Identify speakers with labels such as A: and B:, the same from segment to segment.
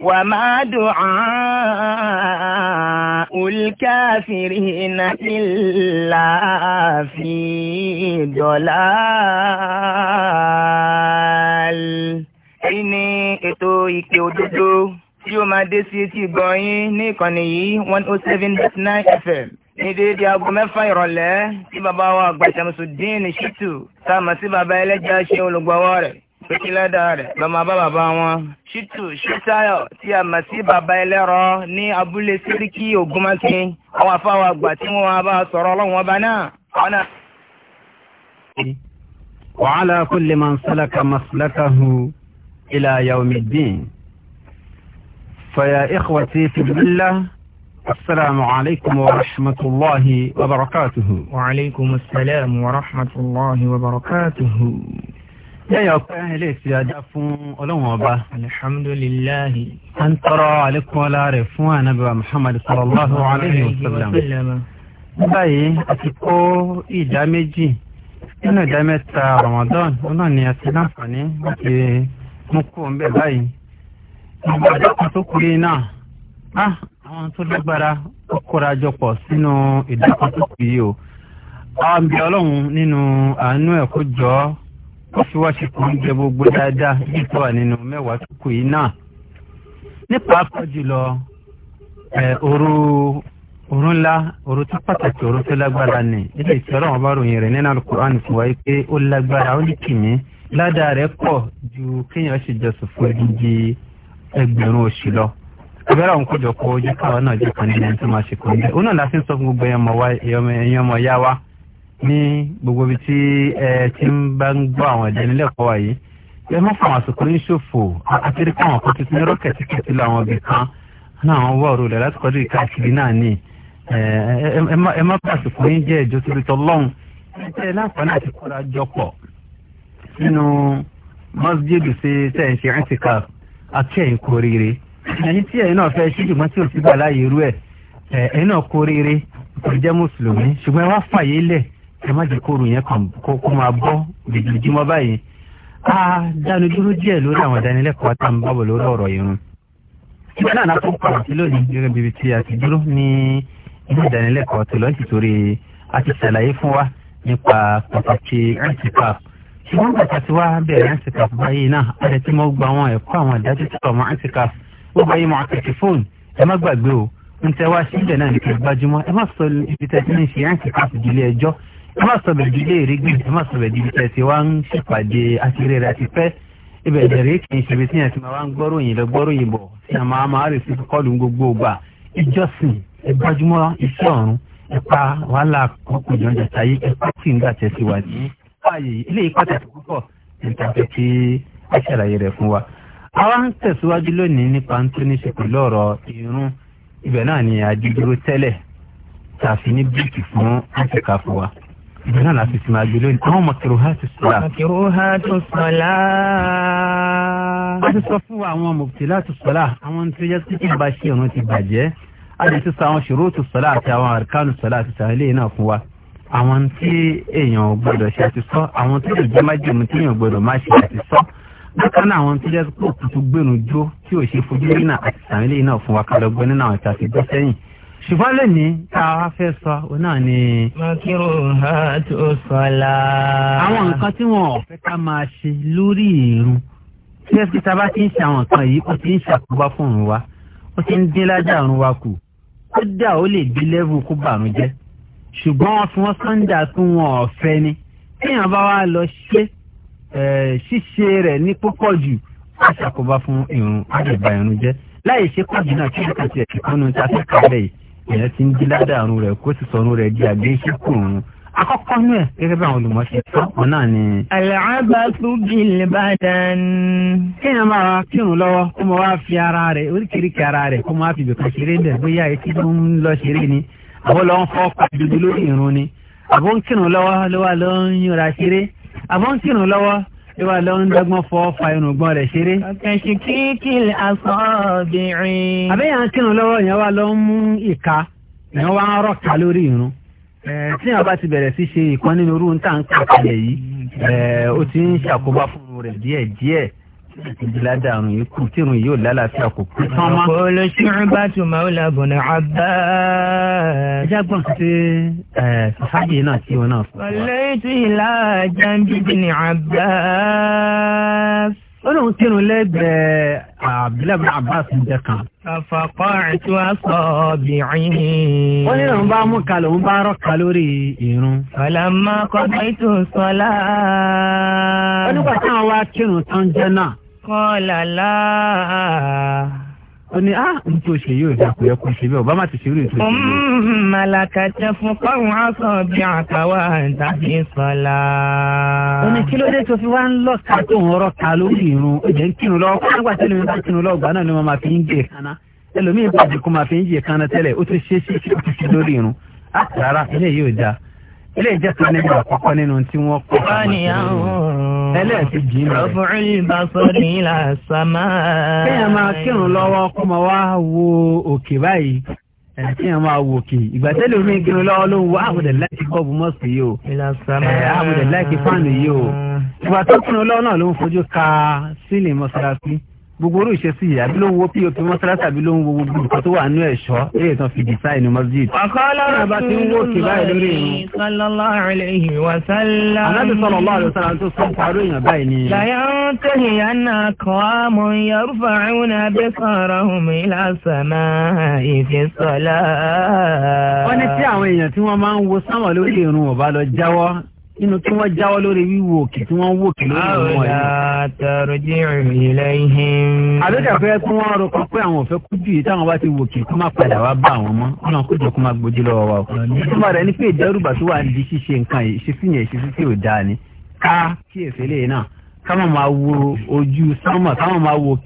A: وما دعاء الكافرين إلا في ضلال èyí ètò ìpè òdodo tí ó máa dé sí etí gbọ̀nyìn ní ìkànnì yìí one oh seven dot nine fm ní déédéé aago mẹ́fà ìrọ̀lẹ́ tí bàbá wa àgbà Ṣàmsùdín Ṣítù tá a mọ̀ sí bàbá ẹlẹ́jà ṣe olùgbọ́wọ́ rẹ̀ pé kí lẹ́dà rẹ̀ lọ máa bá bàbá wọn. ṣítù ṣítáyọ̀ tí a mọ̀ sí bàbá ẹlẹ́rọ ní abúlé síríkì ògúnmọ́sìn àwọn afáwọn àgbà tí wọ́n máa bá sọ̀rọ̀ ọlọ́run ọba náà.
B: wa ala kulli man salaka maslakahu ila yawmiddin. faya ikhwati fi billah. السلام عليكم ورحمة الله وبركاته
A: وعليكم السلام ورحمة الله وبركاته
B: yẹ́yìn ọ̀pẹ́ ilé ìsìn ajá fún ọlọ́run ọba. alihamudulilayi. a ń tọrọ àlékún ọlá rẹ̀ fún anabiwa muhammad sallallahu alayhi wa sallam. báyìí a ti kó ìdá méjì nínú ìdá mẹ́ta ramadan náà ni a ti láǹfààní láti mú kó ń bẹ̀ báyìí. ìgbà àdókò tó kù yìí náà àwọn tó lágbára ó kóra jọpọ̀ sínú ìdá kan tó kù o. àwọn bí ọlọ́run nínú àánú ẹ̀ kó jọ ọ́ ó fi wá ṣekú oúnjẹ gbogbo dáadáa yìí tó wà nínú mẹ́wàá tó kù yìí náà nípa akọ jùlọ òru òru ńlá òru tó pàtàkì òru tó lágbára ni ilé ìtọ́rọ̀ wọn bá ròyìn rẹ̀ nínú alukur'an fún wa pé ó lágbára ó ní kìmí ládàá rẹ̀ pọ̀ ju kéèyàn ṣe jọsùn fún odidi ẹgbẹ̀rún oṣù lọ abẹ́rẹ́ àwọn kójọ ojú káwọn náà jẹ́ kan nínú ẹni tó máa ṣe kò òun náà la ń sọ fún gbogbo ẹ̀yọ́mọ̀ ya wa ní gbogbo ibi tí ẹ ti ń bá ń gbọ́ àwọn ìdánilẹ́kọ̀ọ́ wa yìí ẹ má fà wọn àsìkò ní ṣòfò àtẹrí káwọn kan tuntun ní rọ́kẹ̀tì kẹ̀tì lọ àwọn ibì kan náà àwọn wà òrò rẹ̀ láti kọjú ìkáàkiri náà ní ẹ má bà àsìkò yín jẹ́ ìjọ tóbi tọ́ lọ́hùn ẹ láǹfààní àti kóra jọ pọ̀ nínú mọ́sídìdì ṣe tẹ̀ ń ṣe ẹ̀ǹtìkà àti ẹ̀yìn kórìíre ẹ̀yìn tí ẹ̀yìn náà fẹ́ ṣí ṣùgbọ́n tí ò sí gbà irú ẹ̀ ẹ̀yìn náà kórìíre kò jẹ́ mùsùlùmí ṣùgbọ́n ẹ wá fàyè lẹ̀ ẹ má jẹ́ kóoru yẹn kàn kó kó máa bọ́ lójoojúmọ́ báyìí a dánu dúró díẹ̀ lórí àwọn ìdánilẹ́kọ̀ọ́ tá à ń bábọ̀ lórí ọ̀rọ̀ yìí rún. ìgbà náà lápò pàrọ̀ sí lónìí gẹ́gẹ́ bíbi tí a ti dúró ní ilé ìdánilẹ́kọ̀ọ́ tó lọ́ọ́ sì torí a ti ṣàlàyé fún wa nípa pàtàkì antikap ṣùgbọ́n pàtàkì wa bẹ̀rẹ̀ antikap báyìí náà àti tí mo gba àwọn ẹ̀kọ́ àwọn ìdájọ́ tó kọ̀ mọ́ antikap ó bá yí mọ́ àtẹ̀tẹ̀ fóònù ẹ má gbàgbé o ń wá síbẹ̀ náà ní kí ẹ má sọ ibi tẹ́tí ẹ má sọ bẹ̀ẹ́ di ilé ìrígbìn ẹ má sọ bẹ̀ẹ́ di iṣẹ́ tí wàá ń ṣèpàdé àṣírí rẹ̀ àti fẹ́ ibẹ̀ dẹ̀rẹ̀ kì í ṣebi tí yẹn ti máa wá ń gbọ́ròyìn lọ gbọ́ròyìn bọ̀ tí a máa máa rèé sí kọ́ọ̀lù gbogbo gbà ìjọsìn ẹ gbájúmọ́ iṣẹ́ ọ̀run ẹ pa wàhálà ọkùnrin ọjà táyé ẹ pa sí nígbà tẹ̀ sí wà ní fààyè eléyìí pàtàkì púpọ̀ níta fẹ́ kí ẹ ṣàlàyé rẹ̀ fún wa. àwa ń tẹ̀síwájú lónìí nípa ń tó ní ṣe pẹ̀lú ọ̀rọ̀ irun ibẹ̀ náà ni àdídúró tẹ́lẹ̀ tàfi ní bíìkì fún áfíríkà fún wa ìbẹ̀rẹ̀ náà láti sinmi àjò lónìí àwọn mọ̀kìrò ha ti sọ̀la. mọ̀kìrò ha ti sọ̀la. a ti sọ fún àwọn mọ̀kìrò ha ti sọ̀la àwọn tí yẹ kí kí n bá ṣe ìrún ti bàjẹ́ a lè ti sọ àwọn ṣòróòtù sọ̀la àti àwọn àríkánù sọ̀la àti sàlẹ̀ náà fún wa. àwọn tí èèyàn gbọ́dọ̀ ṣe àti sọ àwọn tí lè jẹ́ májèmú tí èèyàn gbọ́dọ̀ má ṣe àti sọ. bákan náà àwọn tí yẹ kó ṣùgbọ́n lónìí tá a wá fẹ́ sọ òun náà ni. mọ́kírò ha tó sọ̀la. àwọn nǹkan tí wọn ò fẹ́ ká máa ṣe lórí ìrun tí ẹ fi tábà ti ń ṣe àwọn nǹkan yìí ó ti ń ṣàkóbá fún òun wa ó ti ń dín lájà òun wa kù kódà ó lè di lẹ́vù kó bàrún jẹ́ ṣùgbọ́n wọn fi wọ́n sọ́ńdà tí wọn ò fẹ́ ni téèyàn bá wá lọ ṣe ṣíṣe rẹ̀ ní púpọ̀ jù á ṣàkóbá fún ìrun á lè ba ìrun jẹ́ láì ṣe pàdé náà kí ló kàn ti ẹ̀ kíkọ́nù tá a fẹ́ kà yìí èèyàn ti ń jí ládàrú rẹ̀ kó sì sọnù rẹ̀ di àgbéṣe kùn akọ́kọ́ nú ẹ̀ gẹ́gẹ́ bí àwọn olùmọ̀ṣe sọ ọ̀ náà ni. àlàábàtú bíi ìbàdàn. kéèyàn máa wá kírun lọ́wọ́ kó máa wá fi ara rẹ̀ oríkèéríkèé ara rẹ̀ kó máa fi bìkan ṣeré ń bẹ̀ bóyá etí ló ń lọ ṣeré ni àbọ̀ lọ́wọ́ fọ́ pàdúdú lórí ìrun ni àbọ̀ ń kírun lọ́wọ́ lọ́wọ́ ló ń yọra ṣeré àbọ̀ ń kírun lọ́wọ́ ìwà lọ ń dọ́gbọ́n fọ́ fa irùngbọ́n rẹ̀ ṣeré.
A: kẹ̀sì kíkìl asọ́bìnrin.
B: àbẹ́yà ń kírun lọ́wọ́ yẹn wá lọ ń mú ìka yẹn wá ń rọ̀ka lórí irun. tí yàrá bá ti bẹ̀rẹ̀ sí ṣe ìkan nínú irú ń tà ń kàkàlẹ̀ yìí ó ti ń ṣàkóbá fún rẹ̀ díẹ̀díẹ̀ ládàrún yìí kú tírun yìí ò lálàáfíà kò kú tán mọ́. olùsírun bá
A: tún máa ń labùn ní abá. jágbọ́n sí sàhábì náà tí wọn náà fún wa. olóyè tí ìlà jambi bin
B: Abbas ó lóun kírun lẹ́gbẹ̀ẹ́ abdullahi abbas ǹjẹ́ kan.
A: àfàkọ́ àti wá sọ bìín. ó ní òun bá mú
B: kalẹ̀ òun bá rọ́ ka lórí irun.
A: ọ̀làmà kọ́kọ́ ètò sọlá. ó ní pàtàkì àwọn akírun tán jẹ́ náà.
B: kọ́ làlá ó ní ah n tó ṣe yóò dà kó yẹ kó ṣe bẹ́ẹ̀ ọba má ti ṣe irú ètò ìṣèlú.
A: màlàkà tẹ fún kọ́run aṣọ bí àtàwà tàbí sọlá.
B: ó ní kí ló dé tó fi wá ń lọ ká tó ń rọ ká lórí irun ó jẹ́ ń kírun lọ́wọ́ nígbà tí ènìyàn bá kírun lọ́wọ́ gbà náà ni wọ́n máa fi ń jẹ kaná ẹlòmíín bàjẹ́ kó máa fi ń jẹ kaná tẹ́lẹ̀ ó ti ṣe é ṣe é ṣe lórí irun á ah, rárá ilé yóò dáa ilé ìjẹsìn níbi àkọ́kọ́ nínú tí wọ́n kọ́ ẹlẹ́ẹ̀kejì rẹ̀. rọ́fùrún ìbásọ́rí ìlà sàmà. kéèyàn máa kírun lọ́wọ́ kó máa wá wo òkè báyìí kéèyàn máa wo òkè ìgbà tẹ́lẹ̀ omi kírun lọ́wọ́ ló ń wá àbùdẹ̀ ah, láti kọ́ọ̀bù mọ́ọ̀sì yìí o àbùdẹ̀ ah, láti fáànù yìí o ìgbà tó kírun lọ́wọ́ náà ló ń fojú ka sílì gbogbo orí ìṣesí yìí àbí ló ń wo pop mọ́sálásí àbí ló ń wo gbogbo nǹkan tó wà nínú ẹ̀ṣọ́ eré tán fi design masjid. àkọlọ́ Rasulullahi
A: sallallahu alayhi wa sallam. anábì sallallahu alayhi wa sallam tó sọ pàrọ̀ èèyàn báyìí ni. làyàn tẹ̀yìn yánà kọ́ àmọ́ yarfa'una absarahum
B: ila sama'i fi salat. wọ́n ní tí àwọn èèyàn tí wọ́n máa ń wo sámà lórí ìrun ọ̀bá lọ jáwọ́ nínú kí wọ́n jáwọ́ lórí wíwo òkè tí wọ́n ń wòkè lórí àwọn ọ̀yọ́. àwòrán tọrọ jẹ́ ìrìnlẹ̀ ihe. àbíkà fẹ́ kí wọ́n rọ kan pé àwọn òfẹ́ kú jù yìí táwọn bá ti wòkè kó má padà wá bá àwọn mọ́ kó náà kó kó má gbójú lọ́wọ́ wa ìtumọ̀ rẹ̀ ni pé ìdẹ́rùbà tó wà nídìí ṣíṣe nǹkan yìí ṣe fìyàn ìṣesí tí ò dáa ni ká kí èsè lè náà káwọn máa wo ojú sánmà káwọn máa wo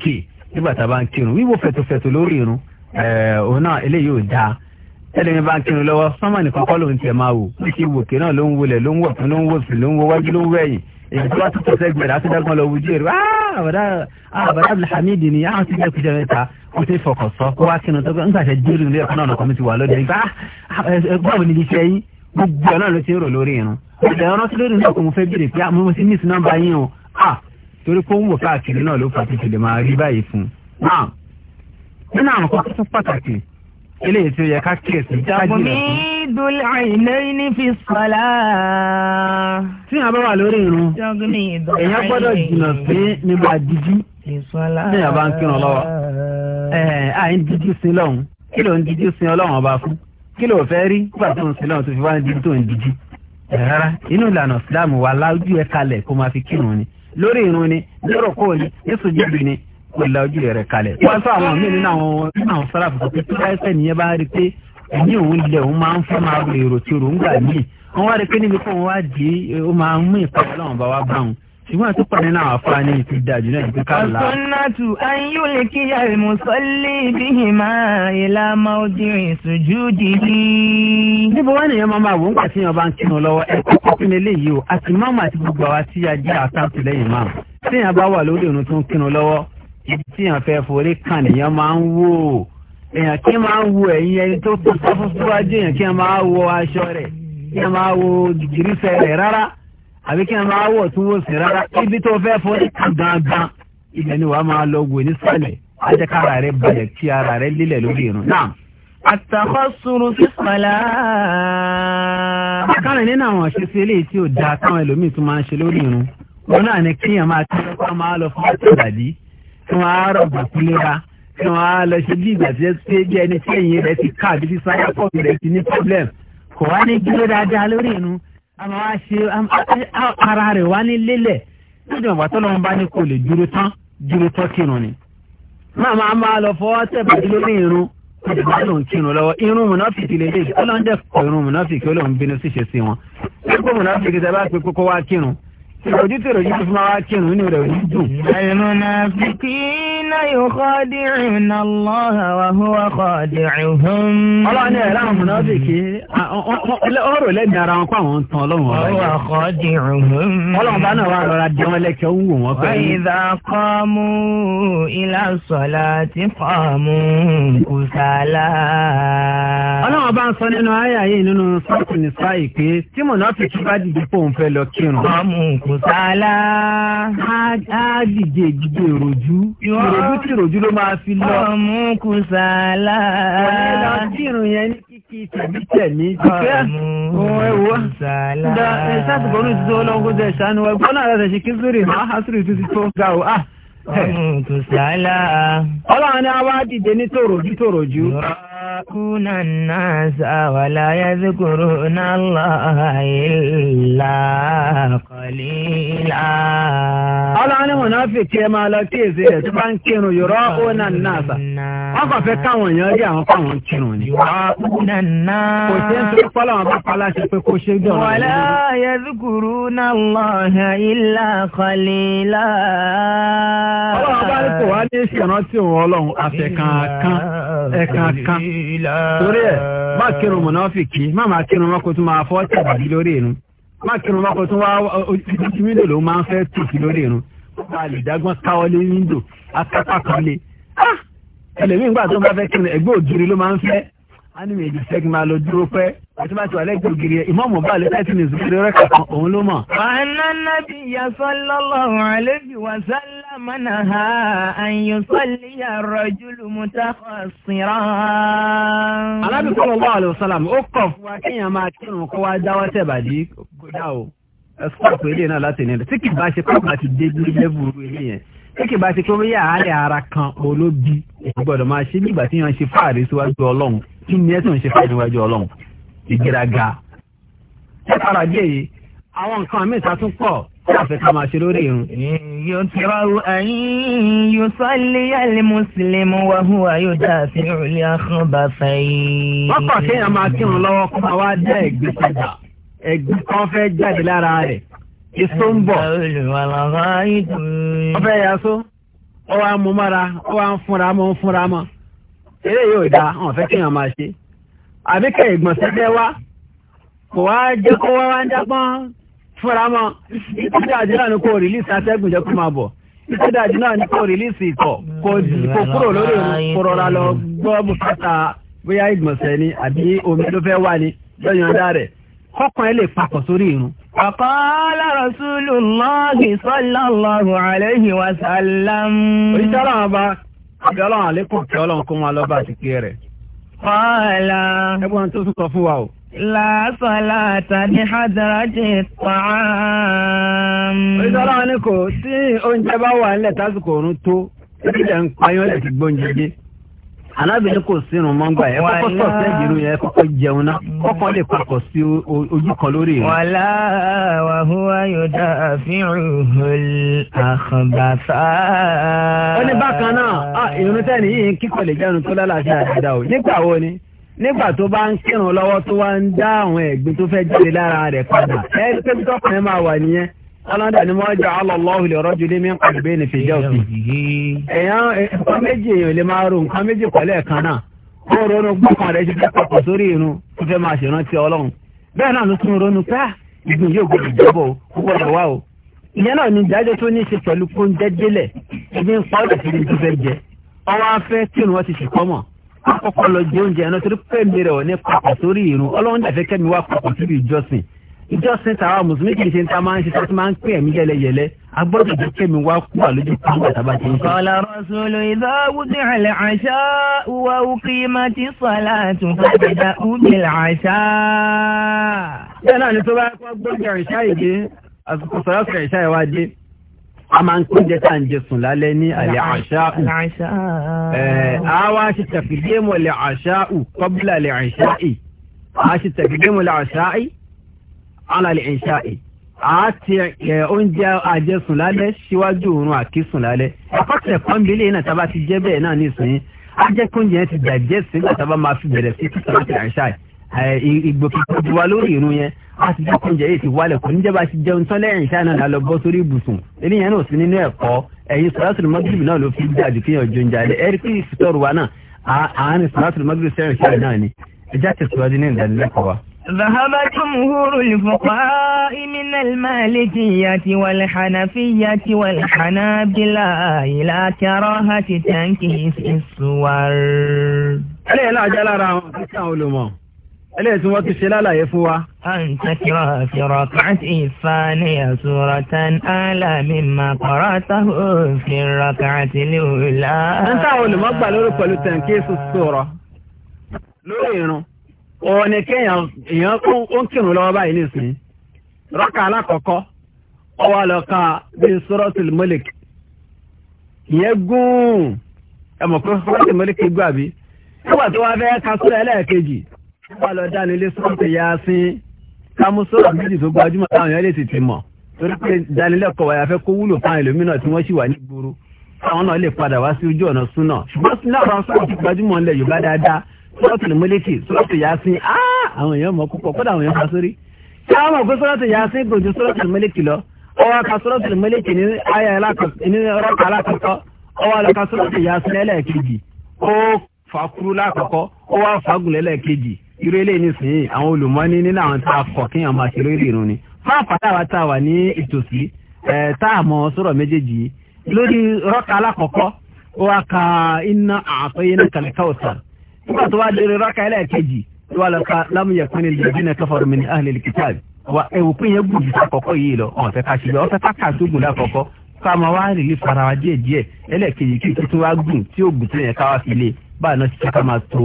B: ẹlẹ́mi bá ń kírun lọ́wọ́ sánmà nìkan kọ́ ló ń tẹ̀ máa wò ó sì wòkè náà ló ń wọlé ló ń wọ̀ fún ló ń wò sí ló ń wọ wájú ló ń wẹ̀yìn èyí tó bá tó tẹ̀sẹ̀ gbẹ̀rẹ̀ á ti dágbọ́n lọ wùjú èrò ah, àbàdà ah, Abdulhamid ni àwọn ah, ti dẹ́kun jẹ́ mẹ́ta kó tẹ́ fọkàn sọ kó wá kírun tó gbọ́ nígbà tẹ jẹ́rìí nílé ẹ̀kọ́ náà nìkan mi ti wà lóde nígbà báwo ni iṣẹ́ yín gbogbo ẹ̀ náà ló ti ń rò lórí irun ìdá ọ̀rọ̀ tí lórí nǹkan mo fẹ́ bèrè pé mo ti ní ìsinmi eléyìí tí ó yẹ ká kíyèsí ká jìnà sí.
A: jagumidul ainayni fi salah. tí a bá wà lórí irun èèyàn gbọ́dọ̀ jìnà
B: sí níbi àdìjú ní àbá ń kírun lọ́wọ́ àyìn dídí sí lọ́hùn kí ló ń dídí sí ọlọ́run ọba fún kí ló fẹ́ rí nígbà tó ń sí lọ́hùn tó fi wá ní dídí tó ń dídí rárá inú ìlànà ìsìlámù wa lájú ẹ̀ kalẹ̀ kó máa fi kírun ni lórí irun ni lórúkọ ni ní sùjúdù ni kó la ojú rẹ̀ kalẹ̀. wọ́n sọ àwọn míì nínú àwọn nínú àwọn sáràfù tó tó káyọ̀sẹ̀ nìyẹn bá rí pé ẹ̀mí òun lẹ̀ òun máa ń fún máa lo èrò tí òun gbà míì wọ́n wá rí pé níbi fún wa di ó máa ń mú ìpàdé lọ́wọ́n bá wa bá wọn ṣùgbọ́n àti pọ̀ nínú àwọn afárá ní ìtú dájú náà ìtú ká la.
A: ọ̀sánàtù ayúlé kí àlùmọ́sọ́lé bí ìmọ̀ ìlà máa ó di ìṣojú dìbí.
B: níbo wá nìyẹn máa máa wò ń gbà tí yẹn bá ń kírun lọ́wọ́ ẹ kó kópin eléyìí o àti máàmù àti gbogbo àwa tí a jẹ́ àtàkùn lẹ́yìn máàmù. tí yẹn bá wà lórí ìrun tó ń kírun lọ́wọ́ ibi tí èèyàn fẹ́ forí kàn nìyẹn máa ń wò ó èèyàn kí máa ń wo ẹ̀yìn ẹni tó tó sáfún síwájú èèyàn kí ẹ máa wo aṣọ rẹ̀ kí ẹ máa wo gìgírísẹ̀ rẹ̀ rárá àbí kí ẹ máa wọ̀ tún wò sí rárá ibi tó fẹ́ forí kàn gangan ibẹ̀ ni wàá máa lọ wò nísàlẹ̀ ajẹ́kára rẹ̀ balẹ̀ kí ara rẹ̀ lílẹ̀ lórí irun náà. àtàkọ́sùrù fífọ̀lá. àkàrẹ̀ nínú àwọn àṣeṣe eléyìí tí ò dáa táwọn ẹlòmíì tún máa ń ṣe lórí irun òun náà ni kíyàn máa tẹ́lẹ̀ pa máa lọ fún àtàlàdí tí wọ́n á rọ̀gbà kúlera tí wọ́n á lọ ṣe bí ìgbà tí ó jẹ́ ẹni tí ẹ̀yìn rẹ̀ ti ká àbí sísáyà pọ̀ rẹ̀ ti ní problem kò wá ní dúró dáadáa lórí inú àmọ́ wá ṣe ara rẹ̀ wá ní lélẹ̀ lójú ọ̀gbà tó lọ́wọ́ bá ní kò lè dúró tán dúró tán kírun ni. máa máa máa lọ fọwọ́ tẹ̀ bàjẹ́ lórí irun ìdìbò ló ń kírun lọ́wọ́ irun mùnáfìkì lè dé ọlọ́ndẹ̀ irun mùnáfìkì ó lóun bínú síṣe sí wọn. pípọ̀ mùnáfìkì tẹ bá pé kókó wá kírun ìròjú tí ìròjú tó fi máa wá kírun nínú rẹ̀ òní dùn.
A: Al-munafiqina yukhadi'una Allaha
B: wa huwa khadi'uhum. Ọlọ́run ní ẹ̀rọ àwọn mùnáfíkì ọ̀rọ̀ lẹ́nu ara wọn kó àwọn tán ọlọ́run ọ̀rọ̀ yìí. Wa huwa khadi'uhum. Ọlọ́run bá náà wà lọ́ra di wọn lẹ́kẹ̀ẹ́ ń wò wọ́n pẹ̀lú. Wa idha
A: qamu ila salati qamu
B: kusala. Ọlọ́run bá ń sọ kòsálà
A: á dìje ìdíje ìròjú ìròjú tí ìròjú ló máa fi lọ. ọmú
B: kòsálà. ọ̀yẹ́ lọ kírun yẹn ní kíkí tẹ̀mí tẹ̀mí. ọmú kòsálà. ǹda ẹ sáàtì bọ́ọ̀lù ti tó lọ́wọ́ kó jẹ ìṣánu ẹgbọ́n náà rẹ̀ ṣe kí sórí máa hásùrì tó ti tó ga o. Ah, ọmú kòsálà. ọlọ́run ni a wá dìde
A: ní tòròjú tòròjú. يخافون الناس ولا يذكرون الله إلا قليلا
B: ọlọ́run mọ̀nàfíkì ẹ máa lọ sí èsì rẹ̀ tó bá ń kírun yòró ọ̀nà nàásà wọ́n kàn fẹ́ káwọn èèyàn rí àwọn káwọn kírun ni. kò sí ń torí pọ́lọ́ wọn bá pálá ṣe pé kò ṣe dùn. wala
A: yadhkuruna Allaha illa qalila. ọlọ́run bá ní kò wá ní
B: ìṣèrántí òun ọlọ́run àfẹ̀kànkan ẹ̀kànkan sabila. torí ẹ má kírun mọ̀nàfìkì má má kírun mọ́kò tún máa fọ́ tàbí lórí irun má kírun mọ́kò tún wá ojú wíńdò ló máa ń fẹ́ tòkì lórí irun má lè dágbọ́n káwọ́lé wíńdò akápá kan lé ẹlẹ́mìí gbà tó bá fẹ́ kírun ẹgbẹ́ ògiri ló máa ń fẹ́ ánìmì èdè sẹ́kì máa lọ dúró pẹ́ àti bá ti wà lẹ́gbẹ̀ẹ́ ògiri ìmọ̀ọ́mọ̀ bá lè láti ní ìsúkúrẹ́ rẹ̀ kàkan òun ló mọ̀.
A: àná nàbí yasọ́ lọ́lọ́run منها أن يصلي الرجل متخصرا Ànábì sallallahu alaihi wasallam ó kọ̀ fún
B: wa kéèyàn máa kírun kó wá jáwọ́ tẹ̀bàdí kódà o ẹ̀sùn àpò eléyìí náà láti ní rẹ̀ bá ti dé bí àárẹ̀ ara kan olóbi gbọ́dọ̀ máa ṣe nígbà tí wọ́n ṣe fáàrí síwájú ọlọ́run kí ni ẹ̀sìn ṣe fáàrí síwájú ọlọ́run ìgbéraga. ẹ fara díẹ̀ yìí àwọn nǹkan àmì tún pọ̀ láàfin ká máa ṣe lórí irun.
A: yòtúrọ̀ ẹ̀yìn yòsọ́lé yàlẹ́ mùsùlùmí wa hùwà yóò dà sí ìrùlé àkànbá fẹ́yìn. wọ́n kàn kéèyàn máa kírun lọ́wọ́ kó máa wá dá ẹ̀gbẹ́
B: padà ẹ̀gbẹ́ kan fẹ́ jáde lára rẹ̀ èso ń bọ̀. wọ́n fẹ́ yasó ó wá mú mára ó wá ń fúnra mọ́ ń fúnra mọ́ eré yóò dáa wọ́n fẹ́ kéèyàn máa ṣe àbíkẹ́ ìgbọ̀nsẹ̀ bẹ́ẹ̀ wá kò wá jẹ́ kó wá wá ń dápọ́n fúnra mọ́ ìtọ́jáde náà ni kò rìlíìsì atẹ́gùn jẹ́ kó máa bọ̀ ìtọ́jáde náà ni kò rìlíìsì ìtọ̀ kò kúrò lórí kòrọ̀ra lọ gbọ́ bùkátà bóyá ìgbọ̀nsẹ̀ ni àbí omi ló fẹ́ wà ní lọ́yọ̀ǹda rẹ̀ kọ́kàn ẹ̀ lè papọ̀ sórí irun.
A: Àkọ́ọ́lá Rasulù Mọ́ọ̀gì sallallahu alayhi wa sallam. Oríṣi ọlọ́run ọba
B: àbí ọlọ́run àlékún kí ọlọ́run kó wọn
A: lọ́ba La salata ní hadrati ta'am. Ìjọba ni
B: kò tí oúnjẹ bá wà nílẹ̀ tásìkò òórùn tó, ibi ìjà ń pa yọ́lẹ̀ ti gbóúnjẹ jẹ. Alábìrin kò sírun mọ́ngbà ẹ̀ kọ́kọ́ sọ̀ sẹ́yìn irun yẹn kọ́kọ́ jẹun náà kọ́kọ́ lè papọ̀ sí ojú kan lórí rẹ̀. Wàlá
A: wa huwa yudafi'uhul
B: akhbasa. Ó ní bákan náà, irun yìí kíkọ̀ lè jẹun tó lálàáfíà dáadáa o. Nígbà wo ni? nígbà tó bá ń kírun lọ́wọ́ tó wá ń dá àwọn ẹ̀gbin tó fẹ́ jáde lára rẹ̀ padà ẹ pé tọkùnrin máa wà nìyẹn ọlọ́dà ni wọ́n jẹ́ alọ́lọ́hùn lè rọ́jú lé mẹ́kàn gbé ní fìdíọ̀ sí. èèyàn nǹkan méjì èèyàn lè máa ro nǹkan méjì pẹ̀lú ẹ̀kan náà kó ronú gbọ́kàn rẹ̀ ṣe fẹ́ papọ̀ sórí irun tó fẹ́ máa ṣèrántí ọlọ́run bẹ́ẹ̀ náà ló tún ronú pé ah, ìgbìn yóò gbọdọ̀ jábọ̀ púpọ̀ lọ́wọ́ o. ìyẹn náà ni ìdájọ́ tó ní í ṣe pẹ̀lú kóńjẹ́ délẹ̀ ìdí ń pa ọ̀dọ̀ sí ibi tó fẹ́ jẹ ọwọ́ afẹ́ tí òun wọ́n ti ṣèkọ́mọ̀ àkọ́kọ́ lọ jẹ oúnjẹ náà torí pé mi rẹ̀ ò ní papọ̀ sórí ìrun ọlọ́run dàfẹ́ kẹ́mi wá papọ̀ síbi ìjọsìn ìjọsìn tàwa mùsùlùmí kì í ṣe ń ta máa ń ṣe sọ́tún máa ń pín ẹ̀mí yẹlẹyẹlẹ agbọ́dọ̀ jẹ́ kẹ́mi wá kú àlójú kan bàtà bá ti ń ṣe. qala rasulu idha wudi'a al-asha
A: wa uqimati salatu fabda'u
B: bil-asha. bẹ́ẹ̀ náà ni tó bá gbọ́dọ̀ ìṣá ìdí àsìkò sọ̀rọ̀ sọ̀rọ̀ ìṣá ìwádìí a máa ń kóúnjẹ tá à ń jẹ sùn lálẹ́ ní alẹ́ àṣáù ẹ̀ á wá ṣe tàfídéèmù alẹ́ àṣáù kọ́bílà alẹ́ àṣáì á ṣe tàfídéèmù alẹ́ àṣáì alẹ́ àṣáì á ti oúnjẹ àjẹsùn lálẹ́ síwájú oorun àkísùn lálẹ́ àkọsílẹ̀ pọ́nbílẹ̀ náà tábà ti jẹ́ bẹ́ẹ̀ náà nísìnyí á jẹ́ kóúnjẹ yẹn ti dàjẹ́ sí nígbà tábà máa fi bẹ̀rẹ̀ sí títà láti àṣáì ìgbòkègbodò wa àtijọ́ kan jẹ́ èsì wálẹ̀ kò ní jẹ́ bá ti jẹun tán lẹ́yìn iṣẹ́ náà lọ bọ́ sórí ibùsùn eléyìí náà sí nínú ẹ̀kọ́ ẹ̀yin sọ́lásùn mọ́gìrì náà ló fi dájú kí yàn jóúnjẹ alẹ́ ẹ̀rí pé ìsìtọ́rù wa náà àárín sọ́lásùn mọ́gìrì sẹ́yìn iṣẹ́ náà ni ẹjá tẹ̀síwájú ní ìdánilẹ́kọ̀ọ́ wa.
A: ذهب جمهور الفقهاء من المالكية والحنفية والحنابلة إلى كراهة تنكيس
B: الصور eléyìí tí wọ́n ti ṣe lálàyé fún wa.
A: àǹtẹ̀kìrọ̀ fìrọ̀ kàtì ìfani àsùrọ̀tàn àlàmì màkàrà táwọn fìrọ̀ kàtì lòlá. ń táwọn olùmọ̀gbà
B: lórí pẹ̀lú tẹ̀ǹkì sọ̀rọ̀ lórí irun òun ni kéèyàn èèyàn ó ń kírun lọ́wọ́ báyìí nìsín rọ́kà alákọ̀ọ́kọ́ ó wá lọ ka bíi suratul Mulk ìyẹn gùn ẹ̀mọ̀kọ́ suratul Mulk gbàbí nígbà tí wọ́n fẹ́ ka sura ẹlẹ́ẹ̀kejì wọ́n lọ dá nílé sọ́ọ̀tì Yasin kámúsọ́rọ̀ méjì tó gbajúmọ̀ táwọn èèyàn lè sì ti mọ̀ torí pé ìdánilẹ́kọ̀ọ́ wa yàfẹ́ kó wúlò fáwọn ẹlòmíràn tí wọ́n sì wà ní gbòòrò táwọn náà lè padà wá sí ojú ọ̀nà súnà ṣùgbọ́n súnà àwọn sọ́ọ̀tì gbajúmọ̀ ńlẹ̀ Yorùbá dáadáa sọ́ọ̀tì ní mọ́lẹ́kì sọ́ọ̀tì Yasin àwọn èèyàn mọ̀ púpọ̀ kódà àwọn èèyàn fa sórí táwọn mọ̀ pé sọ́ọ̀tì Yasin kò ju sọ́ọ̀tì mọ́lẹ́kì lọ ọwọ́ ka sọ́ọ̀tì irú eléyìí nísìnyí àwọn olùmọ́ni nínú àwọn tá a kọ̀ kí àwọn máa ṣe lórí ìrun ni fún àpàtà wa tá a wà ní ìtòsí ẹ̀ tá a mọ̀ sọ̀rọ̀ méjèèjì lórí rọ́kà alákọ̀ọ́kọ́ ó wá ka iná àtọ́yẹ́nà kàlẹ́kàwọ̀sà nígbà tó wá lórí rọ́kà ẹlẹ́ẹ̀kejì tó wá lọ ka lámúyẹ̀kùnrin lẹ́yìn kafaru min ahlil kitab wa ẹ̀wù pín yẹn gùn jùlọ àkọ́kọ́ wa díẹ̀ díẹ̀ ẹlẹ́ẹ̀kejì kí tó wá gùn tí ó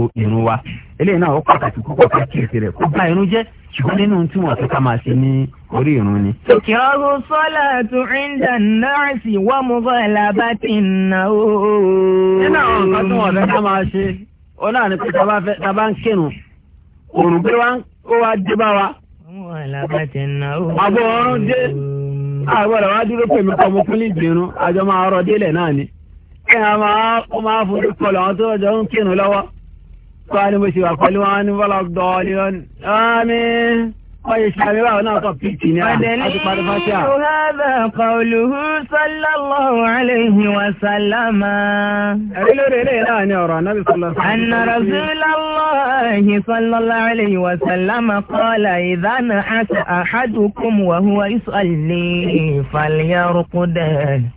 B: gùn eléyìí náà ó pàtàkì púpọ̀ ká kíyèsí rẹ̀ kó bá irun jẹ́ ṣùgbọ́n nínú tí wọ́n ti ká máa ṣe ní orí irun ni.
A: kìrọ́rù sọ́lá tún ìndà nọ́ọ̀sì wà mú bọ́ọ̀lá bá ti nà ó. nínú àwọn nǹkan tí wọ́n fẹ́ ká máa
B: ṣe ó náà ni pé tá bá ń kírun òrùn pé ó wá dé bá wa. bọ́ọ̀lá bá ti nà ó. àbọ̀ ọ̀run dé àgbọ̀dọ̀ wá dúró pèmí kọ́ قال مشي وقلوان ولا الضالين آمين ودليل آه،
A: هذا قوله صلى الله عليه وسلم أن رسول الله صلى الله عليه وسلم قال إذا نحس أحدكم وهو يصلي فليرقد.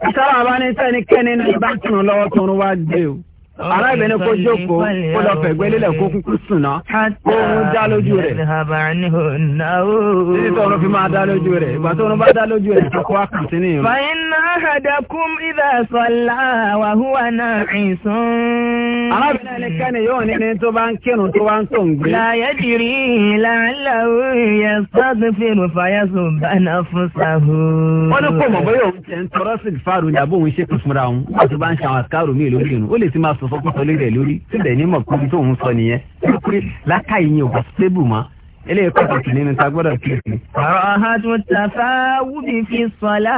B: أشرع بني سنة كان يبحثون لو تنواديو.
A: arábìnrin kò jókòó kó lọ fẹ̀gbẹ́ lélẹ̀
B: kó kúkú sùn náà ń dá lójú rẹ̀ títí tọrọ fi máa dá lójú rẹ̀ ìgbà tó ń bá dá lójú rẹ̀ kókó àkàtì ní ìrún.
A: fàyínà àdàkùn ìdá sọlá wà náà ìsún. arábìnrin ẹnikẹ́ni yóò ní ní
B: tó bá ń kírun tó bá ń tó ń gbé. láyé
A: dìrí làálà òye sọ́dún fèrè fàyàsùn bánà fún sàhó. wọ́n ní kò mọ̀ bóyá òun
B: ti ń tọrọ sí ìfàrù ìyàbọ̀ òun ṣe sọsọkúsọ lé rẹ̀ lórí síbẹ̀ ní mọ̀ kúbi tóun sọ nìyẹn ó pé lákàyè yẹn ò bá stable mọ́ eléyìí pàtàkì nínú ta gbọ́dọ̀ kíyèsí.
A: ọ̀hán tún tàfà wúbi fi sọ̀lá.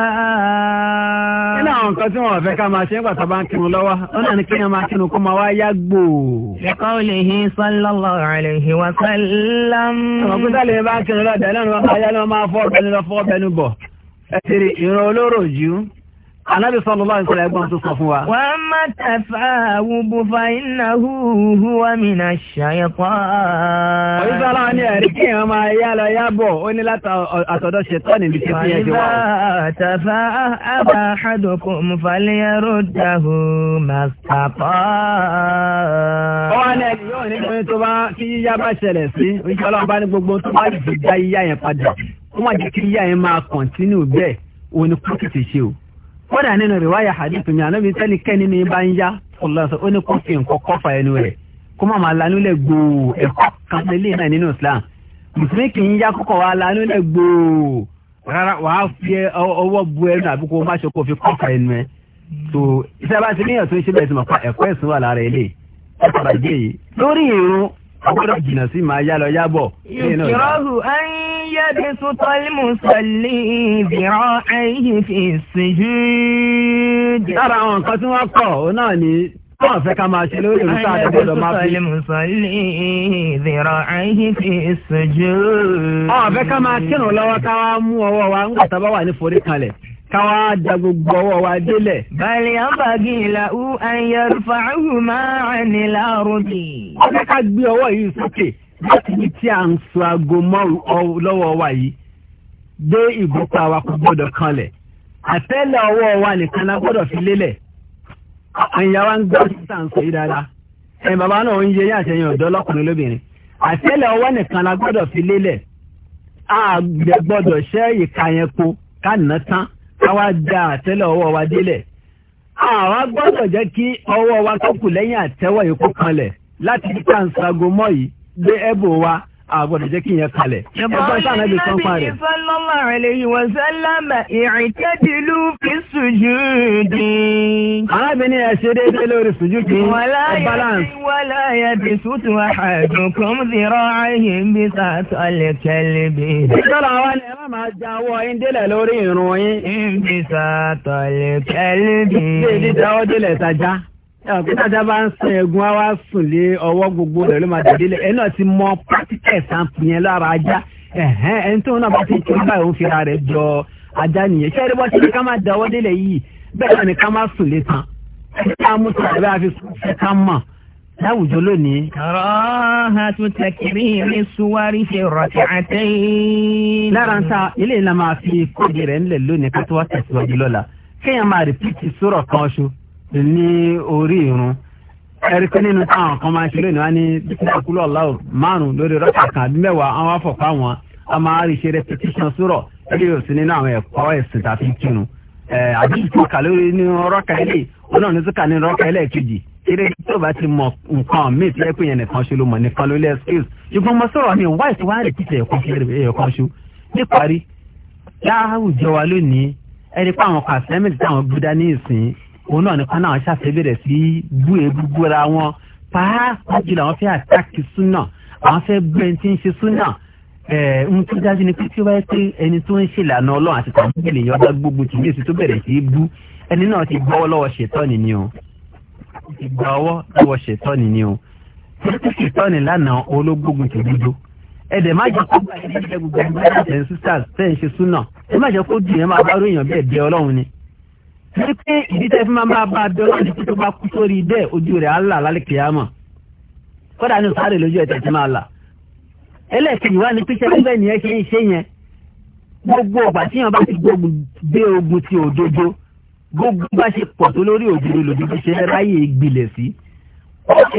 B: nínú àwọn nǹkan tí wọ́n fẹ́ ká máa ṣe ń gbàtà bá ń kírun lọ́wọ́ ó náà ní kí wọ́n máa kírun kó máa wá yá gbò.
A: ẹ̀kọ́ lè hi sallallahu alaihi wa sallam. ọ̀gbìn tàlẹ́ bá ń kírun lọ́dẹ̀ lẹ́nu wá yá ni wọ́n máa fọ́
B: Ànábì sallallahu alaihi wasallam ẹgbọ́n tó sọ fún wa.
A: Wa amma tafawubu fa innahu huwa minash shaytan. Òyìnbá aláwọ̀ ní ẹ̀rí kí èèyàn máa yá lọ yá bọ̀ ó ní láti àtọ̀dọ̀ ṣetán níbi tí fi ẹ̀jẹ̀ wà. Wa tafa'aba ahadukum falyaruddahu mastata. Ó wá ní ẹni yóò ní pé
B: tó bá kí yíyá bá ṣẹlẹ̀ sí, òyìnbá aláwọ̀ bá ní gbogbo tó bá jù dá yíyá yẹn padà. Wọ́n máa kí yíyá yẹn máa kọ̀ntínú bẹ́ẹ̀ òun ni kúrò tètè ṣe o kódà nínú rìwáyà hadith mi ànábi sẹ́ni kẹ́ni ní bá ń yá ọlọ́sọ ó ní kó fi nǹkan kọ́fà ẹnu rẹ̀ kó má máa lanúlẹ̀ gbòò ẹ̀kọ́ kan lélẹ̀ náà nínú Islam mùsùlùmí kì í yá kọ́kọ́ wa lanúlẹ̀ gbòò rárá wàá fi ọwọ́ bu ẹnu àbí kó má ṣe kó fi kọ́fà ẹnu ẹ tó iṣẹ́ bá ti níyàn tó ń ṣe bẹ́ẹ̀ ti pa ẹ̀kọ́ ẹ̀sìn wà lára ilé ẹ̀ ọgbọ́dọ̀ jìnnà sí máa yá lọ yábọ̀. ìkìrọ̀hù
A: ayéyédè
B: sọ́tọ́ ìmùsọ̀lì ìbìrọ̀ ayé fi ṣèjú. lára àwọn nǹkan tí wọ́n kọ̀ ọ́ náà ni wọ́n fẹ́ ká máa ṣe lórí òrùka àdébọ̀lọ́ máa fi. ayéyédè sọ́tọ́
A: ìmùsọ̀lì ìbìrọ̀ ayé fi ṣèjú. ọ̀ fẹ́ ká máa kírun lọ́wọ́ ká wá mú ọwọ́ wa ń gbà tá a bá wà ní forí kanlẹ̀ káwá ja gbogbo ọwọ́ wa délẹ̀. bàlẹ̀ àbàgì ìlàhù àyẹ̀rùfà àhùmá ànilá rúdì.
B: ó fẹ́ ká gbé ọwọ́ yìí sókè láti ibi tí à ń so aago mọ́ lọ́wọ́ wa yìí dé ìgbópa wa kò gbọ́dọ̀ kanlẹ̀ àtẹ́lẹ̀ ọwọ́ wa nìkan la gbọ́dọ̀ fi lélẹ̀ àyà ń gbọ́ sísà ń sọ yìí dáadáa ẹ̀yin bàbá náà ń yẹ yín àtẹ̀yìn ọ̀dọ́ lọ́kùnrin lóbìnrin àtẹ́lẹ̀ ọwọ́ nìkan la gbọ́dọ̀ fi lélẹ̀ a gbọ́dọ̀ ṣẹ́ ìka yẹn kó ká nà tán káwá da àtẹ́lẹ̀ ọwọ́ wa délẹ̀ àwa gbọ́dọ̀ jẹ́ kí ọwọ́ wa tó kù lẹ́yìn àtẹ́wọ́ yìí kó kanlẹ̀ láti ká ń sago mọ́ yìí dé ẹ̀bùn wa àgbọ̀dọ̀ jẹ́ kí n yẹn kalẹ̀. ẹgbẹ́ sáà náà lè sọ fún rẹ̀.
A: sallallahu alayhi wa sallam i'tadilu fi sujudi. arábìnrin ẹ ṣe
B: déédéé lórí sujudi. wàlá yẹ
A: wàlá yẹ ti sùtù ahadukum zira'ahi bí sàtọ̀lẹ̀ kẹlẹ̀ bí. ìjọba wa ni
B: ẹ má máa ja ọwọ́ yín délẹ̀ lórí ìrun yín. bí sàtọ̀lẹ̀ kẹlẹ̀ àgbẹ̀dàdà bá ń sun ẹ̀gún á wá sùn lé ọwọ́ gbogbo rẹ̀ ló máa dìde lẹ̀ ẹ̀ náà ti mọ pátíkẹ̀ sáǹpù yẹn lára ajá ẹ̀hẹ́n ẹni tó náà bá ti kí báyìí òun fira rẹ̀ jọ ajá nìyẹn ṣé ẹni bọ́ ti ní ká máa dáwọ́ délẹ̀ yìí bẹ́ẹ̀ náà ni ká máa sùn lé tán ká mú sùn àbẹ́ àfi sùn ká mọ̀ láwùjọ lónìí. rọ́ọ̀hà tún tẹ̀kìrì ní suwari ṣe rọ̀tì àtẹ́yìn. lára ń ta ilé ní orí irun ẹ̀rí pé nínú táwọn kan máa ṣe lónìí wá ní bísíǹsì kúlọ̀ ọ̀làwọ̀ márùn-ún lórí rọ́ọ̀tà kan àbí mẹ́wàá àwọn afọ̀pá wọn a máa rí ṣe repetition sọ̀rọ̀ ẹ̀rí yóò sí nínú àwọn ẹ̀kọ́ ẹ̀sìn tàbí kírun àdúgbò tó kà lórí ní rọ́ọ̀kà ilé ọlọ́run ní tó kà ní rọ́ọ̀kà ilé kejì eré tó bá ti mọ nǹkan míì tó yẹ pé yẹn nìkan ṣe ló mọ nìkan ló lé skills ṣùgbọ́n mo sọ̀rọ̀ mi wáìsì wá rè kíkẹ́ ẹ̀kọ́ òun náà nìkan náà ṣàfẹ́bẹ̀rẹ̀ sí bú ebú búra wọn pàápàá jùlọ àwọn fẹ́ àtàkì súnà àwọn fẹ́ gbẹ́ tí ń ṣe súnà ń tó dájú ni pé tí wáyé pé ẹni tó ń ṣèlànà ọlọ́run àti tàbí lè yọ̀dá gbógun tì ní èsì tó bẹ̀rẹ̀ sí í bú ẹni náà ti gbọ́ lọ́wọ́ ṣètọ́ni ni o ti gbọ́ ọwọ́ lọ́wọ́ ṣètọ́ni ni o tí ṣètọ́ni lánàá ológbógun tì dúdú ẹ̀dẹ̀ má jẹ́ kó gbà yín gbogbo ẹgbẹ́ àtẹ̀ sisters tẹ̀ ń ṣe súnà ẹ má jẹ́ kó dùn yẹn máa bá ròyìn bẹ́ẹ̀ bẹ́ẹ̀ ọlọ́run ni ní pé ìdí tẹ́ fi máa bá bá dọ́là ní tó bá kú sórí bẹ́ẹ̀ ojú rẹ̀ á là lálẹ́ kìámọ̀ kódà ní sáré lójú ẹ̀ tẹ̀sí máa là ẹlẹ́ẹ̀kejì wá ní píṣẹ́ bẹ́ẹ̀ ni ẹ ṣe ń ṣe yẹn gbogbo ọ̀gbà tí yàn bá ti gbógun gbé ogun ti òdodo gbogbo bá ṣe pọ̀ tó lórí òdodo lòdodo ṣe ráyè gbilẹ̀ sí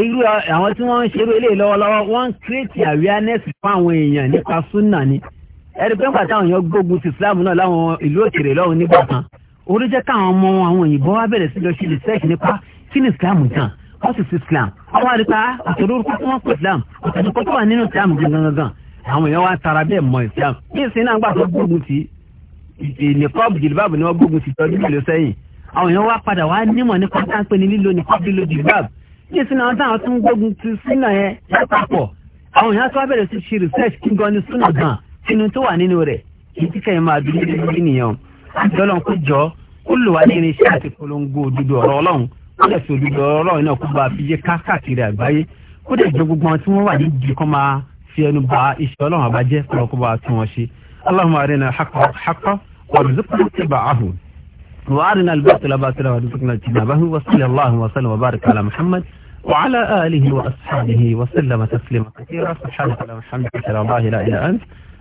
B: irú àwọn tí wọ́n ń ṣerú eléyìí lọ́wọ́lọ́wọ́ wọ́n ń create awareness fún àwọn èèyàn nípa súnà ni ẹ̀rí pé ń pàtàkùn yẹn gbógun ti Islam náà láwọn ìlú òkèrè lọ́hùn nígbà kan orí jẹ́ káwọn ọmọ àwọn òyìnbó wa bẹ̀rẹ̀ sí lọ ṣe research nípa kí ni islam gan wọ́n sì sí islam àwọn àríkà àtòlórúkọ tí wọ́n pè ah, islam àtòlórúkọ tó wà nínú islam gangan àwọn èèyàn wa tara bẹ́ẹ̀ mọ islam ní ìsìn náà gbà tó gbógun ti nìkọ́b jìlbáàbù ni wọ́n gbógun ti tọ́jú kìlọ̀ sẹ́yìn àwọn èèyàn wa padà wá nímọ̀ nípa táǹpẹ́ ní lílo nìkọ́b lílo jìlbáàbù ní ìsìn náà táwọn tó ń gbógun ti sínà yẹn lápapọ̀ àwọn èèyàn tó wá bẹ̀rẹ̀ sí ṣe research kí gan ni súnà gan sínú tó wà nínú rẹ̀ kì àjọlọ́n kò jọ kó lò wá ní irinṣẹ́ àti polongo òdodo ọ̀rọ̀ ọlọ́run kó lè fi òdodo ọ̀rọ̀ ọlọ́run náà kó bá a fi yé káàkiri àgbáyé kó lè jọ gbogbo wọn tí wọ́n wà ní ibi kan máa fi ẹnu ba iṣẹ́ ọlọ́run àbájẹ́ kó kó bá a tún wọn ṣe Allahumma arina al-haqqa haqqan وارنا الباطل باطلا وارزقنا اجتنابه وصلى الله وسلم وبارك على محمد وعلى آله وأصحابه وسلم تسليما كثيرا سبحانك اللهم وبحمدك اشهد ان لا اله الا انت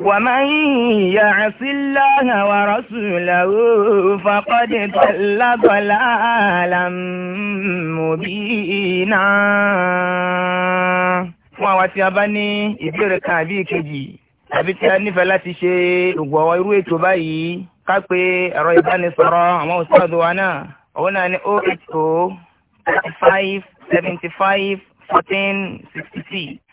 A: ومن يعص الله ورسوله فقد ضل ضلالا مبينا fún àwa tí a bá ní ìbéèrè kan àbí ìkejì àbí tí a nífẹ̀ẹ́ láti ṣe ìgbọ̀wọ́ irú ètò báyìí ká pé ẹ̀rọ ìbánisọ̀rọ̀ àwọn òṣèlú wa náà òun náà ní o oh eight o oh thirty five seventy five fourteen sixty six.